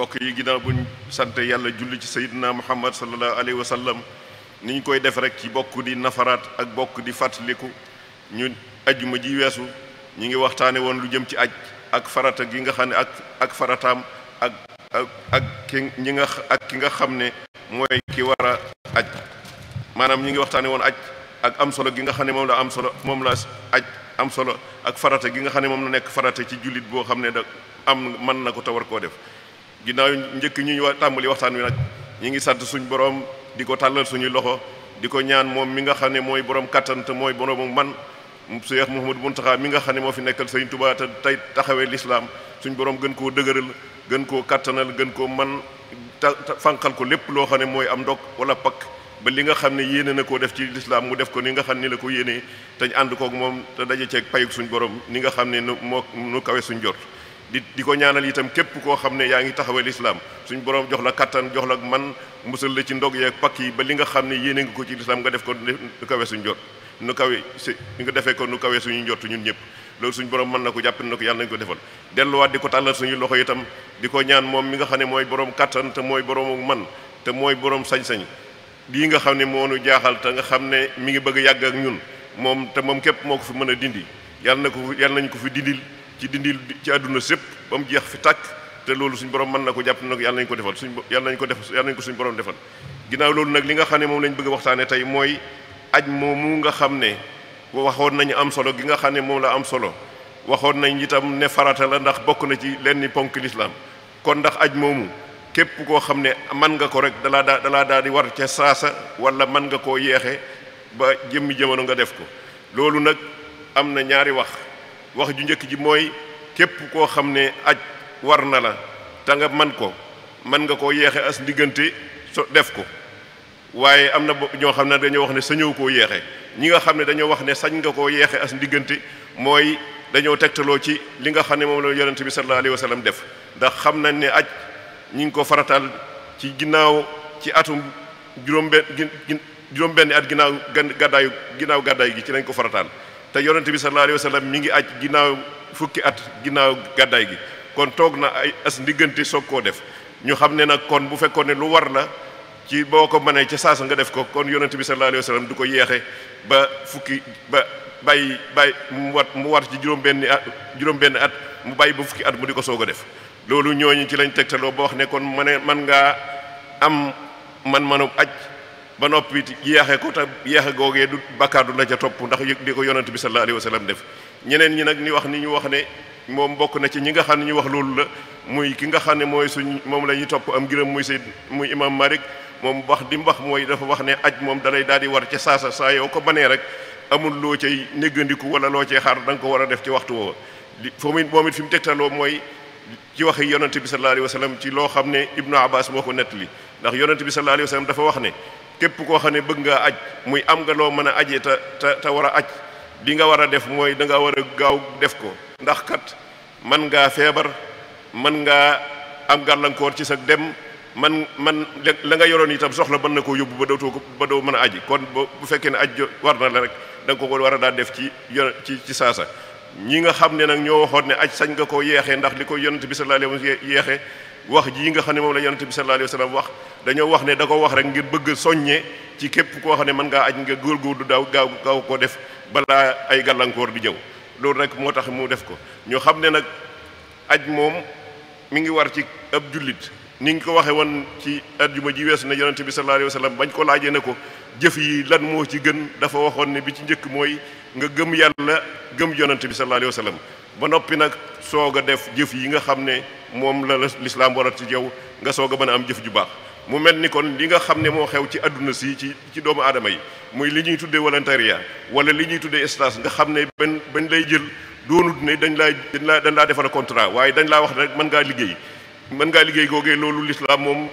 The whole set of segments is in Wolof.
mbokk yi ginnaaw buñ sant yàlla julli ci sayyidina muhammad sallallahu alayhi wa sallam ni ñu koy def rek ci bokk di nafaraat ak bokk di fàttaliku ñu ajuma ji weesu ñu ngi waxtaane woon lu jëm ci aj ak farata gi nga xam ne ak ak farataam ak ak ki ñi nga ak ki nga xam ne mooy ki war a aj maanaam ñu ngi waxtaane woon aj ak am solo gi nga xam ne moom la am solo moom la aj am solo ak farata gi nga xam ne moom la nekk farata ci jullit boo xam ne da am mën na ko te war koo def ginnaaw njëkk ñu ñu tàmbali waxtaan wi nag ñi ngi sant suñu borom di ko tàllal suñuy loxo di ko ñaan moom mi nga xam ne mooy borom kattan mooy borom man Cheikh Mouhamadou Mountakha mi nga xam ne moo fi nekkal Sëriñ Tuubaa tey taxawee lislaam suñ borom gën koo dëgëral gën koo kattanal gën koo man ta fànqal ko lépp loo xam ne mooy am ndog wala pakk ba li nga xam ne yéene na koo def ci lislaam mu def ko ni nga xam ni la ko yéenee te ñu ànd koog moom te daje ceeg payug suñ borom ni nga xam ne nu moo nu kawe suñ jot di di ko ñaanal itam képp koo xam ne yaa ngi taxawal lislaam suñu borom jox la kattan jox la man musal la ci ndog yeeg pakk yi ba li nga xam ne yéene ngi ko ci lislaam nga def ko nu kawe suñu jot nu kawe si nga defee ko nu kawe suñu njott ñun ñëpp loolu suñ borom mën na ko jàpp na ko yàlla nañu ko defal delluwaat di ko tàllal suñu loxo itam di ko ñaan moom mi nga xam ne mooy borom kattan te mooy borom man te mooy boroom sañ-sañ lii nga xam ne moo nu jaaxal te nga xam ne mi ngi bëgg yàgg ak ñun moom te moom képp moo ko fi mën a dindi yàlla na ko yàlla nañu ko fi dindil ci dindi ci àdduna sépp ba mu jeex fi tàkk te loolu suñ borom mën na ko jàpp na yàlla nañu ko defal suñ yàlla nañ ko def yàlla nañ ko suñ borom defal ginnaaw loolu nag li nga xam ne moom lañ bëgg waxtaane tey mooy aj moomu nga xam ne waxoon nañu am solo gi nga xam ne moom la am solo waxoon nañ itam ne farata la ndax bokk na ci lenn ponk lislaam kon ndax aj moomu képp koo xam ne man nga ko rek dalaa daa dalaa daal di war ca saasa wala man nga koo yeexe ba jëmmi jamono nga def ko loolu nag am na ñaari wax wax ju njëkk ji mooy képp koo xam ne aj war na la te nga man ko mën nga koo yeexe as diggante so def ko waaye am na ñoo xam ne dañoo wax ne sañoo koo yeexe ñi nga xam ne dañoo wax ne sañ nga koo yeexe as diggante mooy dañoo tegtaloo ci li nga xam ne moom la yarante bi sallallahu alayhi wa sallam def ndax xam nañ ne aj ñi ngi ko farataal ci ginnaaw ci atum juróom benn juróom benn at ginnaaw gàddaayu ginnaaw gàddaay gi ci lañ ko farataal te yonent bi sallallahu alayhi wa sallam mi ngi aj ginnaaw fukki at ginnaaw gàddaay gi kon toog na ay as ndiggante soog koo def ñu xam ne nag kon bu fekkoon ne lu war na ci boo ko mënee ca saasa nga def ko kon yonent bi sallallahu alayhi wa sallam du ko yeexe ba fukki ba bàyyi bàyyi mu wat mu war ci juróom-benni at juróom-benni at mu bàyyi ba fukki at mu di ko soog a def loolu ñooñu ci lañ tegtaloo ba wax ne kon ma man ngaa am man-manu aj ba noppi yéexe ko te yéexe googee du bakkaar du la ca topp ndax di ko yonent bi sallallahu alayhi wa def ñeneen ñi nag ni wax ni ñu wax ne moom bokk na ci ñi nga xam ne ñu wax loolu la muy ki nga xam ne mooy suñ moom la ñuy topp am ngërëm muy say muy imam Malik moom wax di mu wax mooy dafa wax ne aj moom dalay daal di war ca saasa saa yow ko banee rek amul loo cay néggandiku wala loo cay xaar da ko war a def ci waxtu woowa li foo mu moom it fi mu tegtaloo mooy ci waxi yonent bi sallallahu alayhi wa sallam ci loo xam ne ibnu abbas moo ko nettali ndax yonent bi sallallahu alayhi wa sallam dafa wax ne képp koo xam ne bëgg nga aj muy am nga loo mën a ajee te te te war a aj bi nga war a def mooy da nga war a gaaw def ko ndax kat man ngaa feebar mën ngaa am gàllankoor ci sag dem man man la nga yoroon itam soxla mën na koo yóbbu ba dootoo ko ba doo mën a aj kon bu fekkee ne aj war na la rek da nga ko war a daal def ci yon ci ci saasa ñi nga xam ne nag ñoo waxoon ne aj sañ nga koo yeexee ndax li ko yonent bi sa alayhi wa sallam wax ji nga xam ne moom la yonente bi sallallahu alayhi wa sallam dañoo wax ne da ko wax rek ngir bëgg soññe ci képp koo xam ne mën ngaa aj nga góorgóorlu daaw gaaw gaaw ko def balaa ay gàllankoor di jëw loolu rek moo tax mu def ko ñu xam ne nag aj moom mu ngi war ci ab jullit ni ngi ko waxe woon ci àjjuma ji weesu na yonente bi sallallahu alayhi wa sallam bañ ko laajee ne ko jëf yi lan moo ci gën dafa waxoon ne bi ci njëkk mooy nga gëm yàlla gëm yonente bi sallallahu alayhi wa ba noppi nag soog a def jëf yi nga xam ne moom la la lislaam waral ci yow nga soog a mën a am jëf ju baax mu mel ni kon li nga xam ne moo xew ci àdduna si ci ci doomu aadama yi muy li ñuy tuddee volontariat wala li ñuy tuddee stage nga xam ne benn benn lay jël doonut ne dañ laa dañ laa dañ laa defal contrat waaye dañ laa wax rek mën ngaa liggéey mën ngaa liggéey googee loolu lislaam moom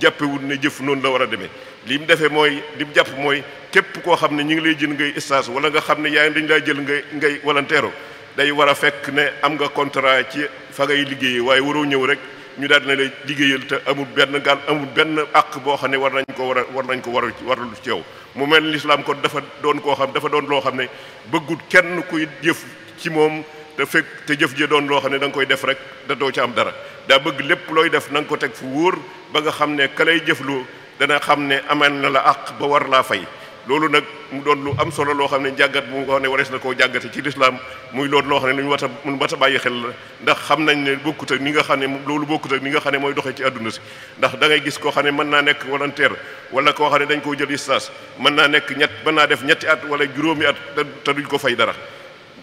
jàppewul ne jëf noonu la war a demee li mu defee mooy li mu jàpp mooy képp koo xam ne ñu ngi lay jël ngay stage wala nga xam ne yaa ngi dañ laa jël ngay ngay volontaire day war a fekk ne am nga contrat ci fa ngay liggéeyee waaye waroo ñëw rek ñu daal na la liggéeyal te amut benn gàll amul benn àq boo xam ne war nañ ko war a war nañ ko war warul ci yow mu mel lislaam ko dafa doon koo xam dafa doon loo xam ne bëggut kenn kuy jëf ci moom te fekk te jëf ji doon loo xam ne da koy def rek da doo ci am dara daa bëgg lépp looy def na ko teg fu wóor ba nga xam ne ka lay jëflu dana xam ne amal na la àq ba war laa fay loolu nag mu doon lu am solo loo xam ne jàggat bu nga xam ne warees na koo jàggate ci lislaam muy loolu loo xam ne lu ñu wat bàyyi xel la ndax xam nañ ne bokkut ak nga xam ne loolu bokkut ak xam ne mooy doxee ci àdduna si ndax da gis koo xam ne mën naa nekk volontaire wala koo xam ne dañ koo jël stage mën naa nekk ñett ba naa def ñetti at wala juróomi at te duñ ko fay dara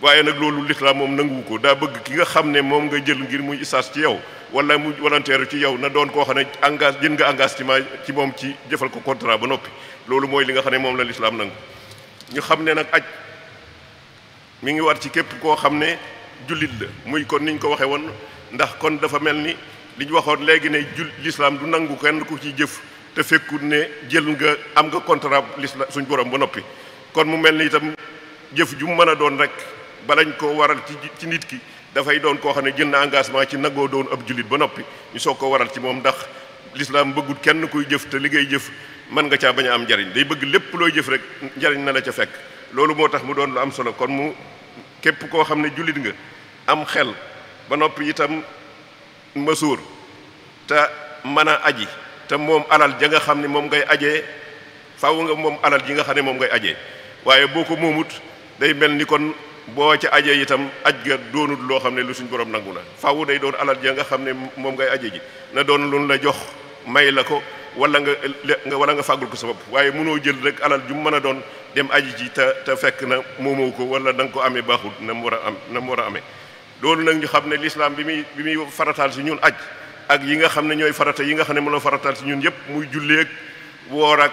waaye nag loolu lislaam moom nanguwu ko daa bëgg ki nga xam ne moom nga jël ngir muy stage ci yow wala mu volontaire ci yow na doon koo xam ne engage jën nga engagement ci moom ci jëfal ko contrat ba noppi loolu mooy li nga xam ne moom la lislaam nangu ñu xam ne nag aj mu ngi war ci képp koo xam ne jullit la muy kon ni ñu ko waxee woon ndax kon dafa mel ni li ñu waxoon léegi ne jul lislaam du nangu kenn ku ci jëf te fekkut ne jël nga am nga contrat l'islam suñ borom ba noppi kon mu mel ni itam jëf ju mu mën a doon rek balañ ko waral ci ci nit ki dafay doon koo xam ne jën na engagement ci nagoo doon ab jullit ba noppi ñu soo ko waral ci moom ndax lislaam bëggut kenn kuy jëf te liggéey jëf mën nga caa bañ a am njariñ day bëgg lépp looy jëf rek njariñ na la ca fekk loolu moo tax mu doon lu am solo kon mu képp koo xam ne jullit nga am xel ba noppi itam masuur te man a aji te moom alal ja nga xam ne moom ngay ajee faw nga moom alal ji nga xam ne moom ngay ajee waaye boo ko moomut day mel ni kon boo ca ajee itam aj ga doonut loo xam ne lu suñ borom nangu la faw day doon alal ja nga xam ne moom ngay aje ji na doon lu la jox may la ko wala nga nga wala nga fàggul ko sa bopp waaye mënoo jël rek alal ju mën a doon dem aji ji te fekk na moomoo ko wala da nga ko amee baaxul na mu war a am na mu war a amee loolu nag ñu xam ne lislaam bi muy bi muy farataal si ñun aj ak yi nga xam ne ñooy farata yi nga xam ne mënoo farataal si ñun yëpp muy julleeg woor ak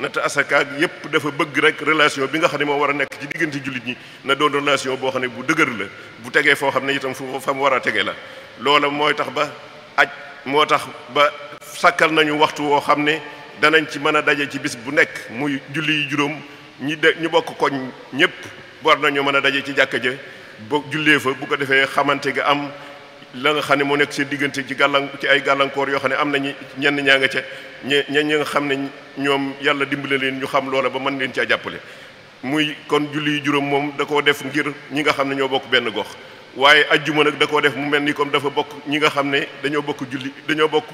nata asakaak yëpp dafa bëgg rek relation bi nga xam ne moo war a nekk ci diggante jullit ñi na doon relation boo xam ne bu dëgër la bu tegee foo xam ne itam fu fa mu war a tege la loola mooy tax ba aj moo tax ba sàkkal nañu waxtu woo xam ne danañ ci mën a daje ci bis bu nekk muy julli yi juróom ñi de ñu bokk koñ ñëpp war nañoo mën a daje ci jàkka ja ba jullee fa bu ko defee xamante ga am la nga xam ne moo nekk seen diggante ci gàllan ci ay gàllankoor yoo xam ne am na ñenn ñaa nga ca ñe ñen nga xam ne ñoom yàlla dimbale leen ñu xam loola ba mën leen caa jàppale muy kon julli yi juróom moom da koo def ngir ñi nga xam ne ñoo bokk benn gox waaye ajjuma nag da koo def mu mel ni comme dafa bokk ñi nga xam ne dañoo bokk julli dañoo bokk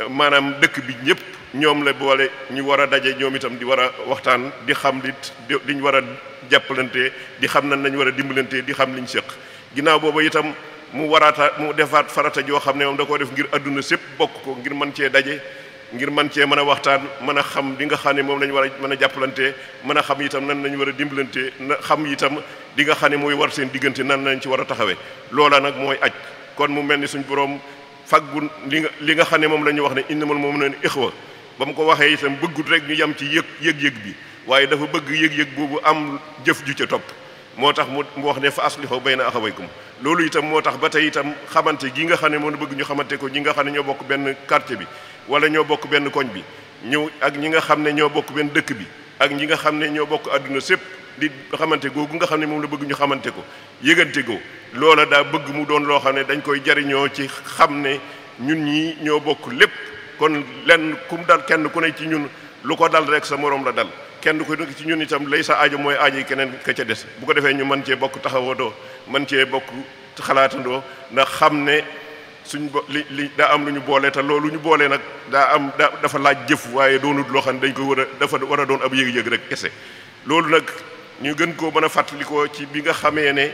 eh, maanaam dëkk bi ñëpp ñoom la boole ñu war a daje ñoom itam di war a waxtaan di xam li liñ war a jàppalante di xam na nañ war a dimbalante di xam liñ sëq ginnaaw boobu itam mu waraata mu defaat farata joo xam ne moom da koo def ngir àdduna sépp bokk ko ngir mën cee daje ngir man cee mën a waxtaan mën a xam li nga xam ne moom lañ war a mën a jàppalante mën a xam itam nan lañ war a dimbalante na xam itam li nga xam ne mooy war seen diggante nan lañ ci war a taxawee loola nag mooy aj kon mu mel ni suñ borom faggu li nga li nga xam ne moom la ñu wax ne innamal mu'minuuna ixwa ba mu ko waxee itam bëggut rek ñu yem ci yëg yëg-yëg bi waaye dafa bëgg yëg-yëg boobu am jëf ju ca topp moo tax mu mu wax ne fa aslihu bayna axawaykum loolu itam moo tax ba tey itam xamante gi nga xam ne moom bëgg ñu xamante ko ñi nga xam ne ñoo bokk benn quartier bi wala ñoo bokk benn koñ bi ñëw ak ñi nga xam ne ñoo bokk benn dëkk bi ak ñi nga xam ne ñoo bokk adduna sépp di xamante googu nga xam ne moom la bëgg ñu xamante ko yëgante ko loola daa bëgg mu doon loo xam ne dañ koy jariñoo ci xam ne ñun ñii ñoo bokk lépp kon lenn ku dal kenn ku ne ci ñun lu ko dal rek sa morom la dal kenn ku nekk ci ñun itam lay sa aajo mooy aajo yi keneen ka ca des bu ko defee ñu mën cee bokk taxawandoo mën cee bokk xalaatandoo ndax xam ne suñ bo li li daa am lu ñu boole te loolu ñu boole nag daa am da dafa laaj jëf waaye doonut loo ne dañ ko war a dafa war a doon ab yëg-yëg rek kese loolu nag ñu gën koo mën a fàttalikoo ci bi nga xamee ne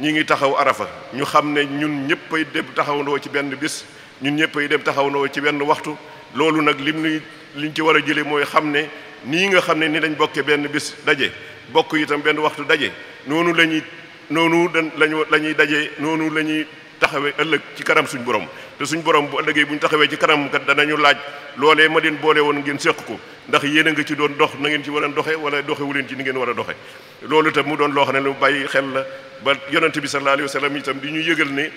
ñi ngi taxaw arafa ñu xam ne ñun ñëpp ay dem taxawandoo ci benn bis ñun ñëpp ay dem taxawandoo ci benn waxtu loolu nag lim nuy liñ ci war a jëlee mooy xam ne nii nga xam ne ni lañ bokkee benn bis daje bokk yitam benn waxtu daje noonu la ñuy noonu dañ la ñuy daje noonu la ñuy taxawee ëllëg ci kanam suñu borom te suñ borom bu ëllëgee buñu taxawee ci kanam kat ñu laaj loolee ma leen boole woon ngeen séq ko ndax yéen a nga ci doon dox na ngeen ci war a doxe wala doxewu leen ci ni ngeen war a doxe loolu itam mu doon loo xam ne lu bàyyi xel la ba yonente bi sallallahu alayhi wa sallam itam di ñu yëgal ne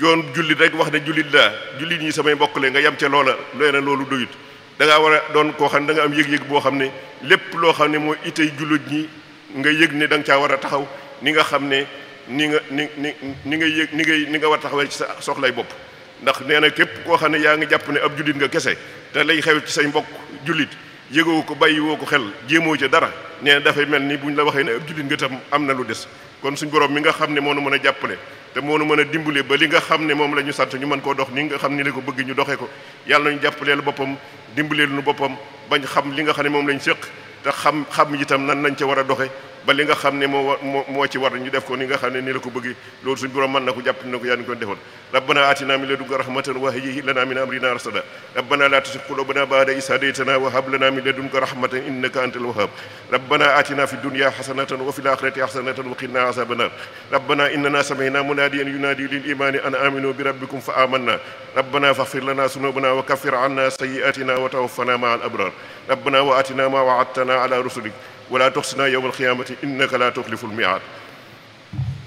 joon jullit rek wax ne jullit laa ñi samay mbokk le nga yem ca loola looy na loolu doyut da ngaa war a doon koo xam ne da am yëg-yëg boo xam ne lépp loo xam ne mooy itay jullit ñi nga yëg ne danga nga caa war a taxaw ni nga xam ne nii nga ni ni ni nga yëg ni ngay ni nga war taxawee ci sa soxlay bopp ndax nee na képp koo xam ne yaa ngi jàpp ne ab jullit nga kese te lay xew ci say mbokk jullit yëgoo ko bàyyi woo ko xel jéemoo ca dara nee na dafay mel ni bu ñu la waxee ne ab jullit nga tam am na lu des kon suñ borom mi nga xam ne moo nu mën a jàppale te moo nu mën a dimbale ba li nga xam ne moom la ñu sant ñu mën koo dox ni nga xam ni la ko bëgg ñu doxee ko yàlla nañu jàppaleel boppam dimbaleel nu boppam bañ xam li nga xam ne moom lañ séq te xam xam itam nan lañ ca war a doxe ba li nga xam ne moo moo moo ci war ñu def ko ni nga xam ne ni la ko bëgg loolu suñu borom mën na ko jàpp na ko yaa ni ko defoon rabbana atina min ladunka rahmatan wa hayyi lana min amrina rasada rabbana la tuzigh qulubana ba'da idh hadaytana wa hab lana min ladunka rahmatan innaka antal wahhab rabbana atina fid dunya hasanatan wa fil akhirati hasanatan wa qina azaban nar rabbana innana sami'na munadiyan yunadi lil imani an aminu bi rabbikum fa amanna rabbana faghfir lana dhunubana wa kaffir 'anna sayyi'atina wa tawaffana ma'al abrar rabbana wa atina ma wa'adtana ala rusulik ولا تخصنا يوم القيامة إنك لا تخلف الميعاد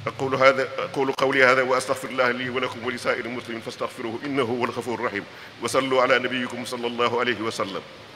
أقول هذا أقول قولي هذا وأستغفر الله لي ولكم ولسائر المسلمين فاستغفروه إنه هو الغفور الرحيم وصلوا على نبيكم صلى الله عليه وسلم